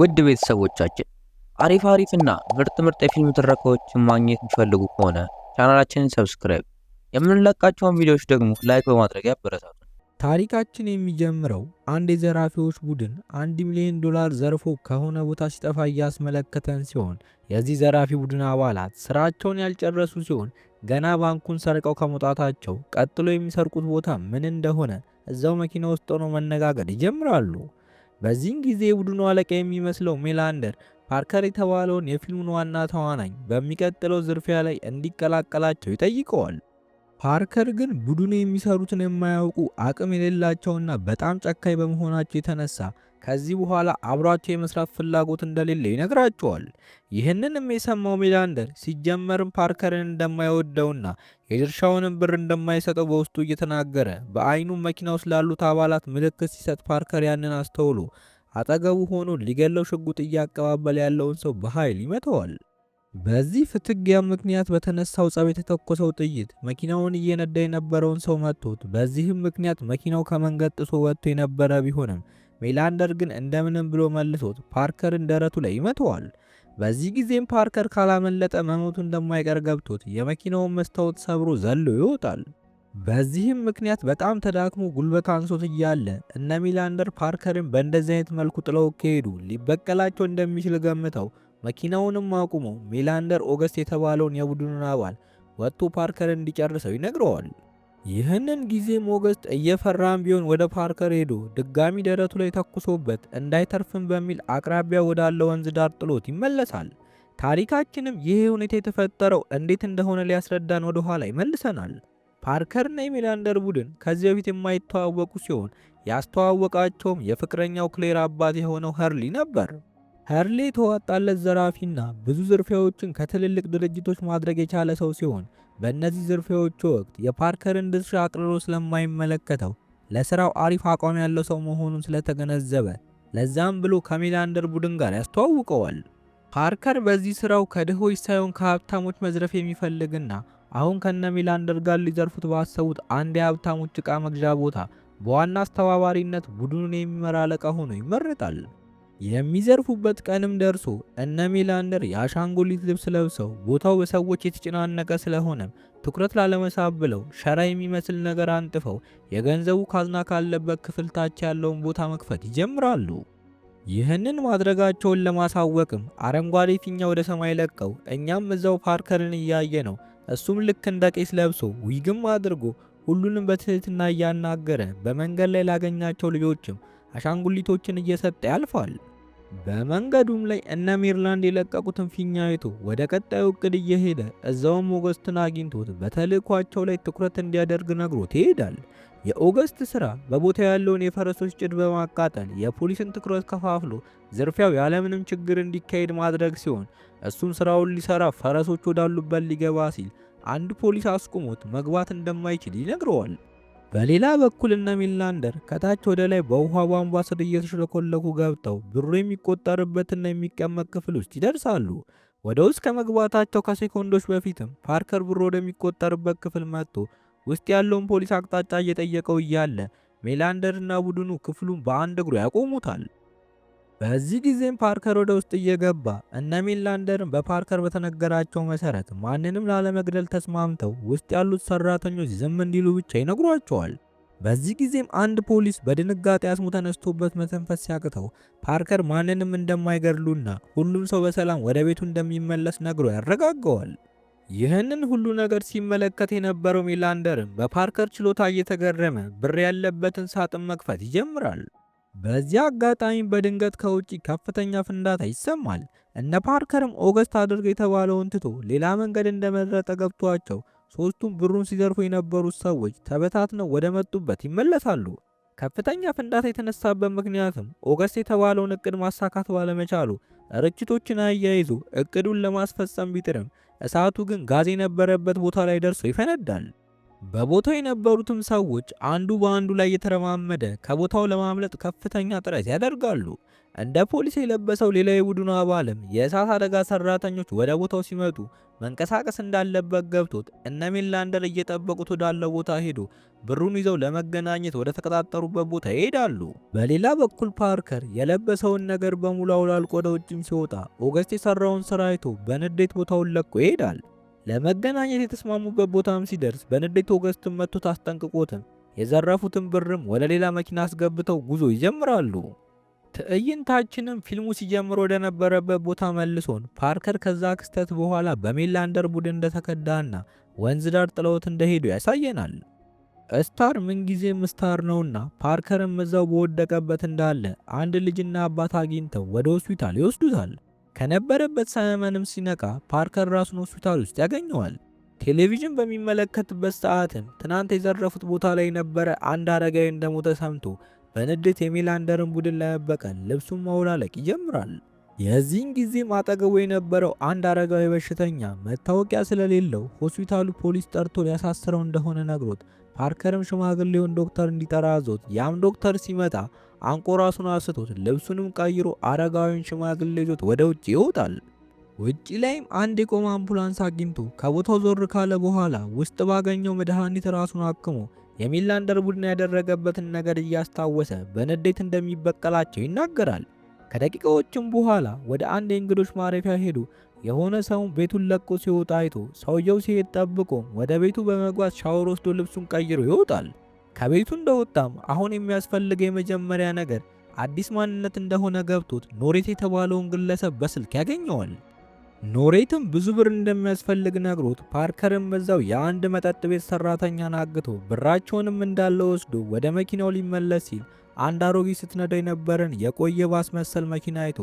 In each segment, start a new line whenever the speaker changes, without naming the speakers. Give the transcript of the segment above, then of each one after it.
ውድ ቤተሰቦቻችን አሪፍ አሪፍና ምርጥ ምርጥ የፊልም ትረካዎችን ማግኘት የሚፈልጉ ከሆነ ቻናላችንን ሰብስክራይብ፣ የምንለቃቸውን ቪዲዮዎች ደግሞ ላይክ በማድረግ ያበረታቱ።
ታሪካችን የሚጀምረው አንድ የዘራፊዎች ቡድን አንድ ሚሊዮን ዶላር ዘርፎ ከሆነ ቦታ ሲጠፋ እያስመለከተን ሲሆን የዚህ ዘራፊ ቡድን አባላት ስራቸውን ያልጨረሱ ሲሆን ገና ባንኩን ሰርቀው ከመውጣታቸው ቀጥሎ የሚሰርቁት ቦታ ምን እንደሆነ እዛው መኪና ውስጥ ሆነው መነጋገር ይጀምራሉ። በዚህን ጊዜ የቡድኑ አለቃ የሚመስለው ሜላንደር ፓርከር የተባለውን የፊልሙን ዋና ተዋናኝ በሚቀጥለው ዝርፊያ ላይ እንዲቀላቀላቸው ይጠይቀዋል። ፓርከር ግን ቡድኑ የሚሰሩትን የማያውቁ አቅም የሌላቸውና በጣም ጨካኝ በመሆናቸው የተነሳ ከዚህ በኋላ አብሯቸው የመስራት ፍላጎት እንደሌለ ይነግራቸዋል። ይህንንም የሰማው ሜላንደር ሲጀመርም ፓርከርን እንደማይወደውና የድርሻውንም ብር እንደማይሰጠው በውስጡ እየተናገረ በአይኑ መኪና ውስጥ ላሉት አባላት ምልክት ሲሰጥ ፓርከር ያንን አስተውሎ አጠገቡ ሆኖ ሊገለው ሽጉጥ እያቀባበለ ያለውን ሰው በኃይል ይመተዋል። በዚህ ፍትጊያ ምክንያት በተነሳው ጸብ የተተኮሰው ጥይት መኪናውን እየነዳ የነበረውን ሰው መቶት፣ በዚህም ምክንያት መኪናው ከመንገድ ጥሶ ወጥቶ የነበረ ቢሆንም ሜላንደር ግን እንደምንም ብሎ መልሶት ፓርከርን ደረቱ ላይ ይመተዋል። በዚህ ጊዜም ፓርከር ካላመለጠ መሞቱ እንደማይቀር ገብቶት የመኪናውን መስታወት ሰብሮ ዘሎ ይወጣል። በዚህም ምክንያት በጣም ተዳክሞ ጉልበት አንሶት እያለ እነ ሚላንደር ፓርከርን በእንደዚህ አይነት መልኩ ጥለው ከሄዱ ሊበቀላቸው እንደሚችል ገምተው መኪናውንም አቁመው ሚላንደር ኦገስት የተባለውን የቡድኑን አባል ወጥቶ ፓርከርን እንዲጨርሰው ይነግረዋል። ይህንን ጊዜ ሞገስ እየፈራም ቢሆን ወደ ፓርከር ሄዶ ድጋሚ ደረቱ ላይ ተኩሶበት እንዳይተርፍም በሚል አቅራቢያ ወዳለ ወንዝ ዳር ጥሎት ይመለሳል። ታሪካችንም ይህ ሁኔታ የተፈጠረው እንዴት እንደሆነ ሊያስረዳን ወደ ኋላ ይመልሰናል። ፓርከርና የሚላንደር ቡድን ከዚህ በፊት የማይተዋወቁ ሲሆን ያስተዋወቃቸውም የፍቅረኛው ክሌር አባት የሆነው ኸርሊ ነበር። ኸርሊ የተዋጣለት ዘራፊና ብዙ ዝርፊያዎችን ከትልልቅ ድርጅቶች ማድረግ የቻለ ሰው ሲሆን በእነዚህ ዝርፊያዎቹ ወቅት የፓርከርን ድርሻ አቅርሮ ስለማይመለከተው ለስራው አሪፍ አቋም ያለው ሰው መሆኑን ስለተገነዘበ ለዛም ብሎ ከሜላንደር ቡድን ጋር ያስተዋውቀዋል። ፓርከር በዚህ ስራው ከድሆች ሳይሆን ከሀብታሞች መዝረፍ የሚፈልግና አሁን ከነ ሜላንደር ጋር ሊዘርፉት ባሰቡት አንድ የሀብታሞች ዕቃ መግዣ ቦታ በዋና አስተባባሪነት ቡድኑን የሚመራ አለቃ ሆኖ ይመረጣል። የሚዘርፉበት ቀንም ደርሶ እነ ሜላንደር የአሻንጉሊት ልብስ ለብሰው ቦታው በሰዎች የተጨናነቀ ስለሆነም ትኩረት ላለመሳብ ብለው ሸራ የሚመስል ነገር አንጥፈው የገንዘቡ ካዝና ካለበት ክፍል ታች ያለውን ቦታ መክፈት ይጀምራሉ። ይህንን ማድረጋቸውን ለማሳወቅም አረንጓዴ ፊኛ ወደ ሰማይ ለቀው እኛም እዛው ፓርከርን እያየ ነው። እሱም ልክ እንደ ቄስ ለብሶ ዊግም አድርጎ ሁሉንም በትህትና እያናገረ በመንገድ ላይ ላገኛቸው ልጆችም አሻንጉሊቶችን እየሰጠ ያልፋል። በመንገዱም ላይ እነ ሜሪላንድ የለቀቁትን ፊኛ አይቶ ወደ ቀጣዩ እቅድ እየሄደ እዛውም ኦገስትን አግኝቶት በተልእኳቸው ላይ ትኩረት እንዲያደርግ ነግሮት ይሄዳል። የኦገስት ስራ በቦታ ያለውን የፈረሶች ጭድ በማቃጠል የፖሊስን ትኩረት ከፋፍሎ ዝርፊያው ያለምንም ችግር እንዲካሄድ ማድረግ ሲሆን እሱም ስራውን ሊሰራ ፈረሶች ወዳሉበት ሊገባ ሲል አንድ ፖሊስ አስቁሞት መግባት እንደማይችል ይነግረዋል። በሌላ በኩል እነ ሚላንደር ከታች ወደ ላይ በውሃ ቧንቧ ስር እየተሽለኮለኩ ገብተው ብሩ የሚቆጠርበትና የሚቀመጥ ክፍል ውስጥ ይደርሳሉ። ወደ ውስጥ ከመግባታቸው ከሴኮንዶች በፊትም ፓርከር ብሩ ወደሚቆጠርበት ክፍል መጥቶ ውስጥ ያለውን ፖሊስ አቅጣጫ እየጠየቀው እያለ ሜላንደርና ቡድኑ ክፍሉን በአንድ እግሩ ያቆሙታል። በዚህ ጊዜም ፓርከር ወደ ውስጥ እየገባ እነ ሚላንደርን በፓርከር በተነገራቸው መሰረት ማንንም ላለመግደል ተስማምተው ውስጥ ያሉት ሰራተኞች ዝም እንዲሉ ብቻ ይነግሯቸዋል። በዚህ ጊዜም አንድ ፖሊስ በድንጋጤ አስሙ ተነስቶበት መተንፈስ ሲያቅተው ፓርከር ማንንም እንደማይገድሉና ሁሉም ሰው በሰላም ወደ ቤቱ እንደሚመለስ ነግሮ ያረጋገዋል። ይህንን ሁሉ ነገር ሲመለከት የነበረው ሚላንደርም በፓርከር ችሎታ እየተገረመ ብር ያለበትን ሳጥን መክፈት ይጀምራል። በዚያ አጋጣሚ በድንገት ከውጭ ከፍተኛ ፍንዳታ ይሰማል። እነ ፓርከርም ኦገስት አድርግ የተባለውን ትቶ ሌላ መንገድ እንደመረጠ ገብቷቸው ሶስቱም ብሩን ሲዘርፉ የነበሩት ሰዎች ተበታትነው ወደ መጡበት ይመለሳሉ። ከፍተኛ ፍንዳታ የተነሳበት ምክንያትም ኦገስት የተባለውን እቅድ ማሳካት ባለመቻሉ ርችቶችን አያይዞ እቅዱን ለማስፈጸም ቢጥርም እሳቱ ግን ጋዝ የነበረበት ቦታ ላይ ደርሶ ይፈነዳል። በቦታው የነበሩትም ሰዎች አንዱ በአንዱ ላይ እየተረማመደ ከቦታው ለማምለጥ ከፍተኛ ጥረት ያደርጋሉ። እንደ ፖሊስ የለበሰው ሌላ የቡድኑ አባልም የእሳት አደጋ ሰራተኞች ወደ ቦታው ሲመጡ መንቀሳቀስ እንዳለበት ገብቶት እነ ሜላንደር እየጠበቁት ወዳለው ቦታ ሄዶ ብሩን ይዘው ለመገናኘት ወደ ተቀጣጠሩበት ቦታ ይሄዳሉ። በሌላ በኩል ፓርከር የለበሰውን ነገር በሙሉ አውላልቆ ወደ ውጭም ሲወጣ ኦገስት የሰራውን ስራ አይቶ በንዴት ቦታውን ለቆ ይሄዳል። ለመገናኘት የተስማሙበት ቦታም ሲደርስ በንዴት ኦገስትን መጥቶት አስጠንቅቆትም የዘረፉትን ብርም ወደ ሌላ መኪና አስገብተው ጉዞ ይጀምራሉ። ትዕይንታችንም ፊልሙ ሲጀምር ወደነበረበት ቦታ መልሶን ፓርከር ከዛ ክስተት በኋላ በሜላንደር ቡድን እንደተከዳና ወንዝ ዳር ጥለውት እንደሄዱ ያሳየናል። ስታር ምንጊዜም ስታር ነውና ፓርከርም እዛው በወደቀበት እንዳለ አንድ ልጅና አባት አግኝተው ወደ ሆስፒታል ይወስዱታል። ከነበረበት ሰመንም ሲነቃ ፓርከር ራሱን ሆስፒታል ውስጥ ያገኘዋል። ቴሌቪዥን በሚመለከትበት ሰዓትም ትናንት የዘረፉት ቦታ ላይ የነበረ አንድ አረጋዊ እንደሞተ ሰምቶ በንዴት የሚላንደርን ቡድን ለመበቀል ልብሱን ማውላለቅ ይጀምራል። የዚህን ጊዜም አጠገቡ የነበረው አንድ አረጋዊ በሽተኛ መታወቂያ ስለሌለው ሆስፒታሉ ፖሊስ ጠርቶ ሊያሳስረው እንደሆነ ነግሮት ፓርከርም ሽማግሌውን ዶክተር እንዲጠራ አዞት ያም ዶክተር ሲመጣ አንቆ ራሱን አስቶት ልብሱንም ቀይሮ አረጋዊን ሽማግሌ ይዞት ወደ ውጭ ይወጣል። ውጭ ላይም አንድ የቆመ አምቡላንስ አግኝቶ ከቦታው ዞር ካለ በኋላ ውስጥ ባገኘው መድኃኒት ራሱን አክሞ የሚላንደር ቡድን ያደረገበትን ነገር እያስታወሰ በንዴት እንደሚበቀላቸው ይናገራል። ከደቂቃዎችም በኋላ ወደ አንድ የእንግዶች ማረፊያ ሄዱ። የሆነ ሰው ቤቱን ለቆ ሲወጣ አይቶ ሰውየው ሲሄድ ጠብቆ ወደ ቤቱ በመጓዝ ሻወር ወስዶ ልብሱን ቀይሮ ይወጣል። ከቤቱ እንደወጣም አሁን የሚያስፈልገ የመጀመሪያ ነገር አዲስ ማንነት እንደሆነ ገብቶት ኖሬት የተባለውን ግለሰብ በስልክ ያገኘዋል። ኖሬትም ብዙ ብር እንደሚያስፈልግ ነግሮት ፓርከርም በዛው የአንድ መጠጥ ቤት ሰራተኛን አግቶ ብራቸውንም እንዳለ ወስዶ ወደ መኪናው ሊመለስ ሲል አንድ አሮጊት ስትነዳ የነበረን የቆየ ባስ መሰል መኪና አይቶ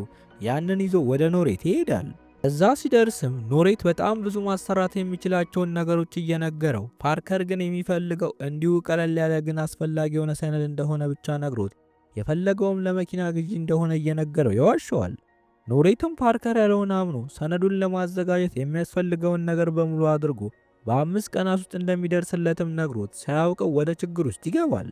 ያንን ይዞ ወደ ኖሬት ይሄዳል። እዛ ሲደርስም ኖሬት በጣም ብዙ ማሰራት የሚችላቸውን ነገሮች እየነገረው፣ ፓርከር ግን የሚፈልገው እንዲሁ ቀለል ያለ ግን አስፈላጊ የሆነ ሰነድ እንደሆነ ብቻ ነግሮት የፈለገውም ለመኪና ግዢ እንደሆነ እየነገረው ይዋሸዋል። ኖሬትም ፓርከር ያለውን አምኖ ሰነዱን ለማዘጋጀት የሚያስፈልገውን ነገር በሙሉ አድርጎ በአምስት ቀናት ውስጥ እንደሚደርስለትም ነግሮት ሳያውቀው ወደ ችግር ውስጥ ይገባል።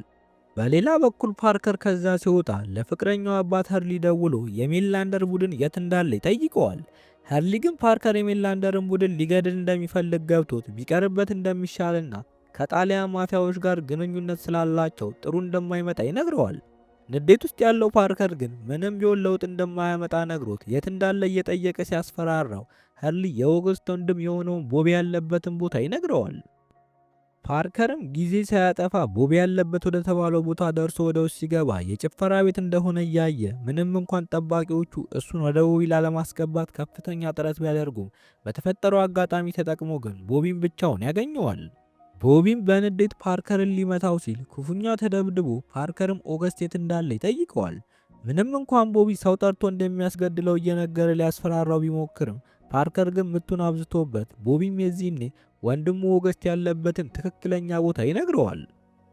በሌላ በኩል ፓርከር ከዛ ሲወጣ ለፍቅረኛው አባት ሀርሊ ደውሎ የሜንላንደር ቡድን የት እንዳለ ይጠይቀዋል። ግን ፓርከር የሜንላንደርን ቡድን ሊገድል እንደሚፈልግ ገብቶት ቢቀርበት እንደሚሻልና ከጣሊያን ማፊያዎች ጋር ግንኙነት ስላላቸው ጥሩ እንደማይመጣ ይነግረዋል። ንዴት ውስጥ ያለው ፓርከር ግን ምንም ቢሆን ለውጥ እንደማያመጣ ነግሮት የት እንዳለ እየጠየቀ ሲያስፈራራው ሄርሊ የኦገስት ወንድም የሆነውን ቦቢ ያለበትን ቦታ ይነግረዋል። ፓርከርም ጊዜ ሳያጠፋ ቦብ ያለበት ወደ ተባለው ቦታ ደርሶ ወደ ውስጥ ሲገባ የጭፈራ ቤት እንደሆነ እያየ ምንም እንኳን ጠባቂዎቹ እሱን ወደ ቦቢ ላለማስገባት ከፍተኛ ጥረት ቢያደርጉም በተፈጠረው አጋጣሚ ተጠቅሞ ግን ቦቢን ብቻውን ያገኘዋል። ቦቢም በንዴት ፓርከርን ሊመታው ሲል ክፉኛ ተደብድቦ ፓርከርም ኦገስት የት እንዳለ ይጠይቀዋል። ምንም እንኳን ቦቢ ሰው ጠርቶ እንደሚያስገድለው እየነገረ ሊያስፈራራው ቢሞክርም ፓርከር ግን ምቱን አብዝቶበት ቦቢም የዚህኔ ወንድሙ ኦገስት ያለበትን ትክክለኛ ቦታ ይነግረዋል።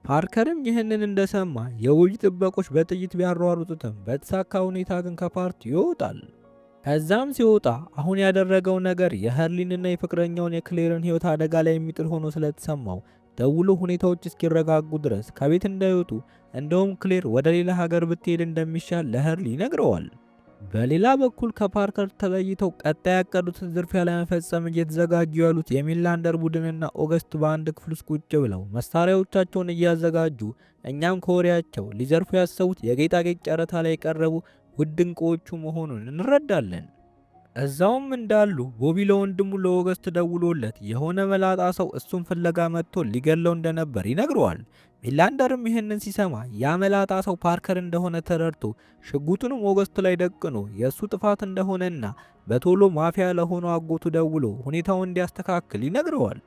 ፓርከርም ይህንን እንደሰማ የውጅ ጥበቆች በጥይት ቢያሯሩጡትም በተሳካ ሁኔታ ግን ከፓርቲው ይወጣል። ከዛም ሲወጣ አሁን ያደረገው ነገር የኸርሊንና የፍቅረኛውን የክሌርን ሕይወት አደጋ ላይ የሚጥል ሆኖ ስለተሰማው ደውሎ ሁኔታዎች እስኪረጋጉ ድረስ ከቤት እንዳይወጡ እንደውም ክሌር ወደ ሌላ ሀገር ብትሄድ እንደሚሻል ለኸርሊ ይነግረዋል። በሌላ በኩል ከፓርከር ተለይተው ቀጣይ ያቀዱትን ዝርፊያ ለመፈጸም እየተዘጋጁ ያሉት የሚላንደር ቡድንና ኦገስት በአንድ ክፍል ውስጥ ቁጭ ብለው መሳሪያዎቻቸውን እያዘጋጁ እኛም ከወሬያቸው ሊዘርፉ ያሰቡት የጌጣጌጥ ጨረታ ላይ የቀረቡ ውድ ዕንቁዎቹ መሆኑን እንረዳለን። እዛውም እንዳሉ ቦቢ ለወንድሙ ለኦገስት ደውሎለት የሆነ መላጣ ሰው እሱን ፍለጋ መጥቶ ሊገለው እንደነበር ይነግረዋል። ሚላንደርም ይህንን ሲሰማ ያ መላጣ ሰው ፓርከር እንደሆነ ተረድቶ ሽጉጡንም ኦገስት ላይ ደቅኖ የእሱ ጥፋት እንደሆነና በቶሎ ማፊያ ለሆነው አጎቱ ደውሎ ሁኔታውን እንዲያስተካክል ይነግረዋል።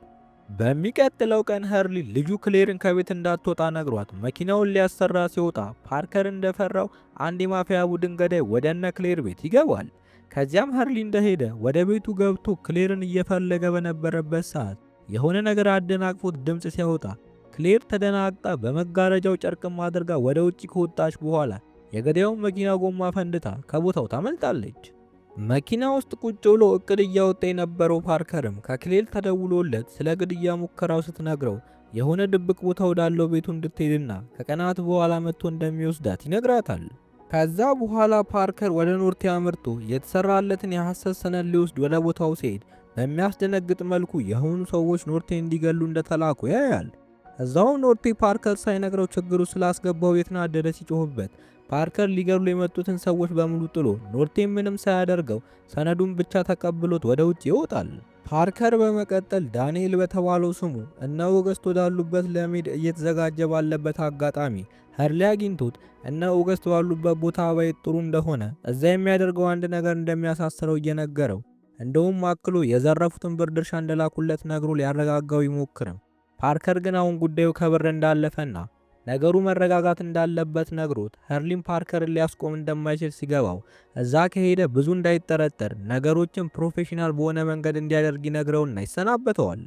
በሚቀጥለው ቀን ሀርሊ ልጁ ክሌርን ከቤት እንዳትወጣ ነግሯት መኪናውን ሊያሰራ ሲወጣ ፓርከር እንደፈራው አንድ የማፊያ ቡድን ገዳይ ወደ ክሌር ቤት ይገባል። ከዚያም ሀርሊ እንደሄደ ወደ ቤቱ ገብቶ ክሌርን እየፈለገ በነበረበት ሰዓት የሆነ ነገር አደናቅፎት ድምፅ ሲያወጣ ክሌር ተደናግጣ በመጋረጃው ጨርቅም አድርጋ ወደ ውጭ ከወጣች በኋላ የገዳዩን መኪና ጎማ ፈንድታ ከቦታው ታመልጣለች። መኪና ውስጥ ቁጭ ብሎ እቅድ እያወጣ የነበረው ፓርከርም ከክሌር ተደውሎለት ስለ ግድያ ሙከራው ስትነግረው የሆነ ድብቅ ቦታ ወዳለው ቤቱ እንድትሄድና ከቀናት በኋላ መጥቶ እንደሚወስዳት ይነግራታል። ከዛ በኋላ ፓርከር ወደ ኖርቴ አምርቶ የተሰራለትን የሐሰት ሰነድ ሊወስድ ወደ ቦታው ሲሄድ በሚያስደነግጥ መልኩ የሆኑ ሰዎች ኖርቴ እንዲገሉ እንደተላኩ ያያል። እዛው ኖርቴ ፓርከር ሳይነግረው ችግሩ ስላስገባው የተናደደ ሲጮህበት ፓርከር ሊገሉ የመጡትን ሰዎች በሙሉ ጥሎ ኖርቴ ምንም ሳያደርገው ሰነዱን ብቻ ተቀብሎት ወደ ውጭ ይወጣል። ፓርከር በመቀጠል ዳንኤል በተባለው ስሙ እነ ኦገስት ወዳሉበት ለመሄድ እየተዘጋጀ ባለበት አጋጣሚ ሀርሊ አግኝቶት እነ ኦገስት ባሉበት ቦታ ባይ ጥሩ እንደሆነ እዛ የሚያደርገው አንድ ነገር እንደሚያሳስረው እየነገረው እንደውም አክሎ የዘረፉትን ብር ድርሻ እንደላኩለት ነግሮ ሊያረጋጋው ይሞክርም። ፓርከር ግን አሁን ጉዳዩ ከብር እንዳለፈና ነገሩ መረጋጋት እንዳለበት ነግሮት ሄርሊን ፓርከርን ሊያስቆም እንደማይችል ሲገባው እዛ ከሄደ ብዙ እንዳይጠረጠር ነገሮችን ፕሮፌሽናል በሆነ መንገድ እንዲያደርግ ይነግረውና ይሰናበተዋል።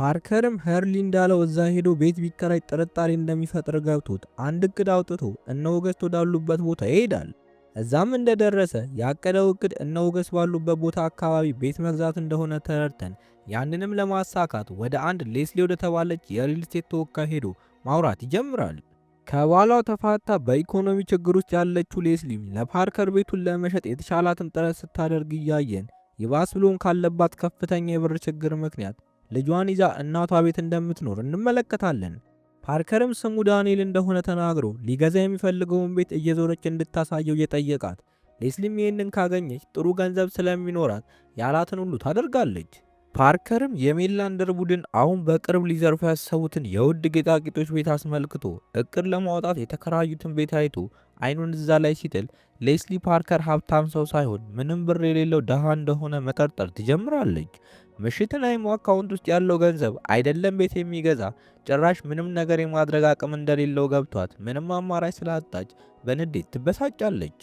ፓርከርም ሄርሊ እንዳለው እዛ ሄዶ ቤት ቢከራይ ጥርጣሬ እንደሚፈጥር ገብቶት አንድ እቅድ አውጥቶ እነ ኦገስት ወዳሉበት ቦታ ይሄዳል። እዛም እንደደረሰ ያቀደው እቅድ እነ ኦገስት ባሉበት ቦታ አካባቢ ቤት መግዛት እንደሆነ ተረድተን ያንንም ለማሳካት ወደ አንድ ሌስሊ ወደተባለች የሪል ስቴት ተወካይ ሄዶ ማውራት ይጀምራል። ከባሏ ተፋታ በኢኮኖሚ ችግር ውስጥ ያለችው ሌስሊ ለፓርከር ቤቱን ለመሸጥ የተሻላትን ጥረት ስታደርግ እያየን ይባስ ብሎን ካለባት ከፍተኛ የብር ችግር ምክንያት ልጇን ይዛ እናቷ ቤት እንደምትኖር እንመለከታለን። ፓርከርም ስሙ ዳንኤል እንደሆነ ተናግሮ ሊገዛ የሚፈልገውን ቤት እየዞረች እንድታሳየው እየጠየቃት ሌስሊም ይህንን ካገኘች ጥሩ ገንዘብ ስለሚኖራት ያላትን ሁሉ ታደርጋለች። ፓርከርም የሜሪላንደር ቡድን አሁን በቅርብ ሊዘርፉ ያሰቡትን የውድ ጌጣጌጦች ቤት አስመልክቶ እቅድ ለማውጣት የተከራዩትን ቤት አይቶ አይኑን እዛ ላይ ሲጥል ሌስሊ ፓርከር ሀብታም ሰው ሳይሆን ምንም ብር የሌለው ድሃ እንደሆነ መጠርጠር ትጀምራለች። ምሽትን አይሞ አካውንት ውስጥ ያለው ገንዘብ አይደለም ቤት የሚገዛ ጭራሽ ምንም ነገር የማድረግ አቅም እንደሌለው ገብቷት ምንም አማራጭ ስላጣች በንዴት ትበሳጫለች።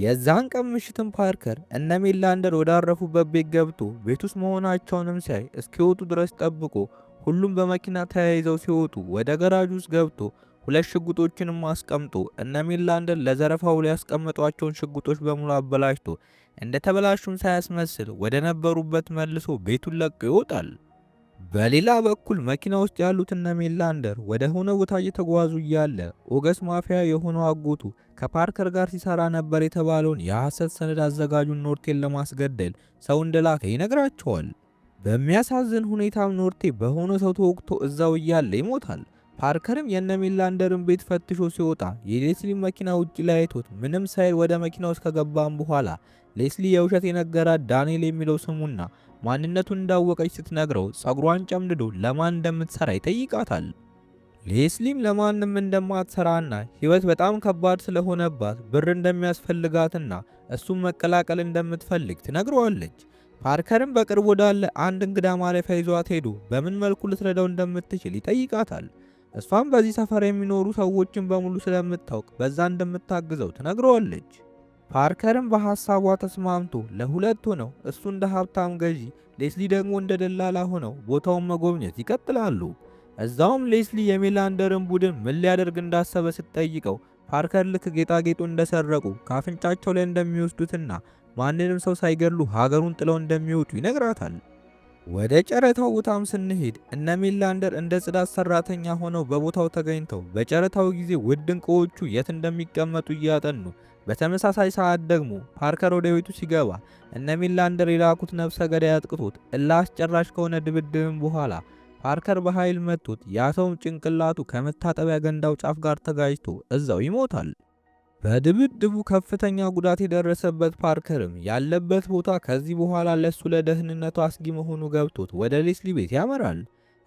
የዛን ቀን ምሽትም ፓርከር እነ ሜላንደር ወዳረፉበት ቤት ገብቶ ቤት ውስጥ መሆናቸውንም ሲያይ እስኪወጡ ድረስ ጠብቆ ሁሉም በመኪና ተያይዘው ሲወጡ ወደ ገራጅ ውስጥ ገብቶ ሁለት ሽጉጦችንም አስቀምጦ እነ ሜላንደር ለዘረፋው ሊያስቀምጧቸውን ሽጉጦች በሙሉ አበላሽቶ ተበላሹም ሳያስመስል ወደ ነበሩበት መልሶ ቤቱን ለቆ ይወጣል። በሌላ በኩል መኪና ውስጥ ያሉት እነ ሜላንደር ወደ ሆነ ቦታ እየተጓዙ እያለ ኦገስ ማፊያ የሆነው አጎቱ ከፓርከር ጋር ሲሰራ ነበር የተባለውን የሐሰት ሰነድ አዘጋጁን ኖርቴን ለማስገደል ሰው እንደላከ ይነግራቸዋል። በሚያሳዝን ሁኔታም ኖርቴ በሆነ ሰው ተወቅቶ እዛው እያለ ይሞታል። ፓርከርም የነ ሜላንደርን ቤት ፈትሾ ሲወጣ የሌስሊ መኪና ውጭ ላይ አይቶት ምንም ሳይል ወደ መኪና ውስጥ ከገባም በኋላ ሌስሊ የውሸት የነገራት ዳንኤል የሚለው ስሙና ማንነቱን እንዳወቀች ስትነግረው ጸጉሯን ጨምድዶ ለማን እንደምትሰራ ይጠይቃታል። ሌስሊም ለማንም እንደማትሰራና ሕይወት በጣም ከባድ ስለሆነባት ብር እንደሚያስፈልጋትና እሱን መቀላቀል እንደምትፈልግ ትነግረዋለች። ፓርከርም በቅርብ ወዳለ አንድ እንግዳ ማረፊያ ይዟት ሄዶ በምን መልኩ ልትረዳው እንደምትችል ይጠይቃታል። እሷም በዚህ ሰፈር የሚኖሩ ሰዎችን በሙሉ ስለምታውቅ በዛ እንደምታግዘው ትነግረዋለች። ፓርከርም በሐሳቧ ተስማምቶ ለሁለት ሆነው እሱ እንደ ሀብታም ገዢ፣ ሌስሊ ደግሞ እንደ ደላላ ሆነው ቦታውን መጎብኘት ይቀጥላሉ። እዛውም ሌስሊ የሜላንደርን ቡድን ምን ሊያደርግ እንዳሰበ ስትጠይቀው ፓርከር ልክ ጌጣጌጡ እንደሰረቁ ከአፍንጫቸው ላይ እንደሚወስዱትና ማንንም ሰው ሳይገሉ ሀገሩን ጥለው እንደሚወጡ ይነግራታል። ወደ ጨረታው ቦታም ስንሄድ እነ ሜላንደር እንደ ጽዳት ሰራተኛ ሆነው በቦታው ተገኝተው በጨረታው ጊዜ ውድ የት እንደሚቀመጡ እያጠኑ በተመሳሳይ ሰዓት ደግሞ ፓርከር ወደ ቤቱ ሲገባ እነ ሚላንደር የላኩት ነፍሰ ገዳይ አጥቅቶት እልህ አስጨራሽ ከሆነ ድብድብም በኋላ ፓርከር በኃይል መቶት ያ ሰውም ጭንቅላቱ ከመታጠቢያ ገንዳው ጫፍ ጋር ተጋጅቶ እዛው ይሞታል። በድብድቡ ከፍተኛ ጉዳት የደረሰበት ፓርከርም ያለበት ቦታ ከዚህ በኋላ ለሱ ለደህንነቱ አስጊ መሆኑ ገብቶት ወደ ሌስሊ ቤት ያመራል።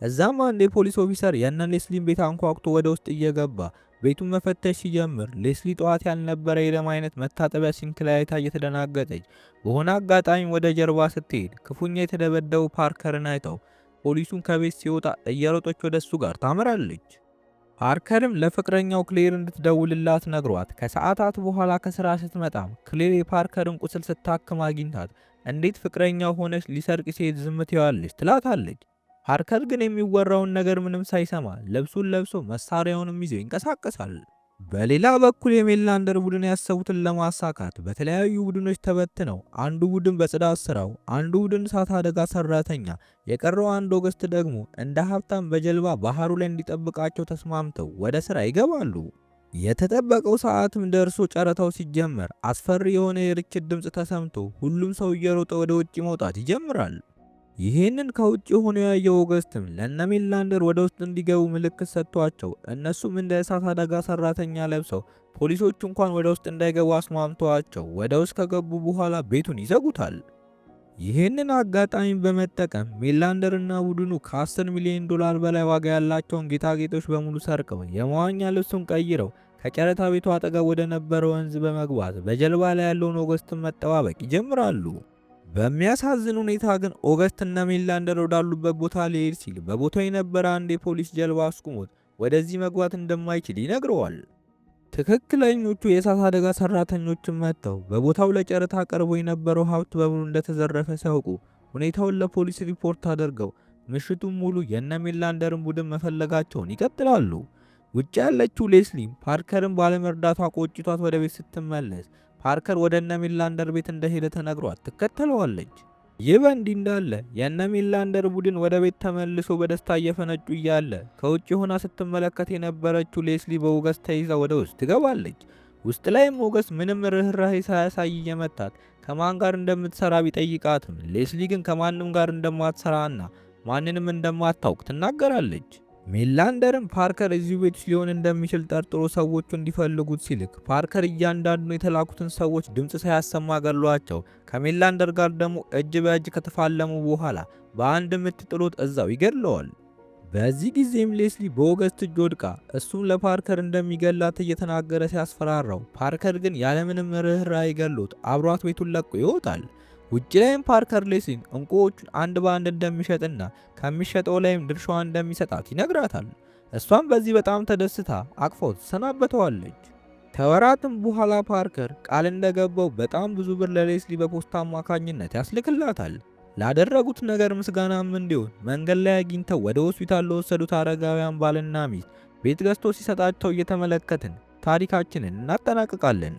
እዛም አንድ የፖሊስ ኦፊሰር ያንን ሌስሊን ቤት አንኳኩቶ ወደ ውስጥ እየገባ ቤቱን መፈተሽ ሲጀምር ሌስሊ ጠዋት ያልነበረ የደም አይነት መታጠቢያ ሲንክ ላይ አይታ እየተደናገጠች በሆነ አጋጣሚ ወደ ጀርባ ስትሄድ ክፉኛ የተደበደቡ ፓርከርን አይተው ፖሊሱን ከቤት ሲወጣ እየሮጠች ወደ እሱ ጋር ታምራለች። ፓርከርም ለፍቅረኛው ክሌር እንድትደውልላት ነግሯት ከሰዓታት በኋላ ከስራ ስትመጣም ክሌር የፓርከርን ቁስል ስታክም አግኝታት እንዴት ፍቅረኛው ሆነች ሊሰርቅ ሲሄድ ዝም ትይዋለች ትላታለች። ፓርከር ግን የሚወራውን ነገር ምንም ሳይሰማ ልብሱን ለብሶ መሳሪያውንም ይዞ ይንቀሳቀሳል። በሌላ በኩል የሜላንደር ቡድን ያሰቡትን ለማሳካት በተለያዩ ቡድኖች ተበትነው አንዱ ቡድን በጽዳት ስራው፣ አንዱ ቡድን እሳት አደጋ ሰራተኛ፣ የቀረው አንድ ኦገስት ደግሞ እንደ ሀብታም በጀልባ ባህሩ ላይ እንዲጠብቃቸው ተስማምተው ወደ ስራ ይገባሉ። የተጠበቀው ሰዓትም ደርሶ ጨረታው ሲጀመር አስፈሪ የሆነ የርችት ድምፅ ተሰምቶ ሁሉም ሰው እየሮጠ ወደ ውጭ መውጣት ይጀምራል። ይህንን ከውጭ ሆኖ ያየው ኦገስትም ለነ ወደ ውስጥ እንዲገቡ ምልክት ሰጥቷቸው እነሱም እንደ እሳት አደጋ ሰራተኛ ለብሰው ፖሊሶቹ እንኳን ወደ ውስጥ እንዳይገቡ አስማምተዋቸው ወደ ውስጥ ከገቡ በኋላ ቤቱን ይዘጉታል። ይህንን አጋጣሚ በመጠቀም እና ቡድኑ ከ10 ሚሊዮን ዶላር በላይ ዋጋ ያላቸውን ጌጣጌጦች በሙሉ ሰርቀው የመዋኛ ልብሱን ቀይረው ከጨረታ ቤቱ አጠገብ ወደ ነበረ ወንዝ በመግባት በጀልባ ላይ ያለውን ኦገስትን መጠባበቅ ይጀምራሉ። በሚያሳዝን ሁኔታ ግን ኦገስት እነ ሜላንደር ወዳሉበት ቦታ ሊሄድ ሲል በቦታው የነበረ አንድ የፖሊስ ጀልባ አስቁሞት ወደዚህ መግባት እንደማይችል ይነግረዋል። ትክክለኞቹ የእሳት አደጋ ሰራተኞችን መጥተው በቦታው ለጨረታ ቀርቦ የነበረው ሀብት በሙሉ እንደተዘረፈ ሲያውቁ ሁኔታውን ለፖሊስ ሪፖርት አድርገው ምሽቱን ሙሉ የእነ ሜላንደርን ቡድን መፈለጋቸውን ይቀጥላሉ። ውጭ ያለችው ሌስሊም ፓርከርን ባለመርዳቷ ቆጭቷት ወደ ቤት ስትመለስ ፓርከር ወደ እነ ሚላንደር ቤት እንደሄደ ተነግሯት ትከተለዋለች። ይህ በእንዲህ እንዳለ የእነ ሚላንደር ቡድን ወደ ቤት ተመልሶ በደስታ እየፈነጩ እያለ ከውጭ ሆና ስትመለከት የነበረችው ሌስሊ በሞገስ ተይዛ ወደ ውስጥ ትገባለች። ውስጥ ላይ ሞገስ ምንም ርኅራኄ ሳያሳይ እየመታት ከማን ጋር እንደምትሰራ ቢጠይቃትም ሌስሊ ግን ከማንም ጋር እንደማትሰራና ማንንም እንደማታውቅ ትናገራለች። ሜላንደርም ፓርከር እዚሁ ቤት ሊሆን እንደሚችል ጠርጥሮ ሰዎቹ እንዲፈልጉት ሲልክ ፓርከር እያንዳንዱ የተላኩትን ሰዎች ድምፅ ሳያሰማ ገሏቸው። ከሜላንደር ጋር ደግሞ እጅ በእጅ ከተፋለሙ በኋላ በአንድ ምት ጥሎት እዛው ይገድለዋል። በዚህ ጊዜም ሌስሊ በኦገስት እጅ ወድቃ እሱም ለፓርከር እንደሚገላት እየተናገረ ሲያስፈራራው፣ ፓርከር ግን ያለምንም ርኅራኄ ገሎት አብሯት ቤቱን ለቆ ይወጣል። ውጭ ላይም ፓርከር ሌስሊን እንቁዎቹን አንድ በአንድ እንደሚሸጥና ከሚሸጠው ላይም ድርሻዋ እንደሚሰጣት ይነግራታል። እሷም በዚህ በጣም ተደስታ አቅፎ ትሰናበተዋለች። ከወራትም በኋላ ፓርከር ቃል እንደገባው በጣም ብዙ ብር ለሌስሊ በፖስታ አማካኝነት ያስልክላታል። ላደረጉት ነገር ምስጋናም እንዲሆን መንገድ ላይ አግኝተው ወደ ሆስፒታል ለወሰዱት አረጋውያን ባልና ሚስት ቤት ገዝቶ ሲሰጣቸው እየተመለከትን ታሪካችንን እናጠናቅቃለን።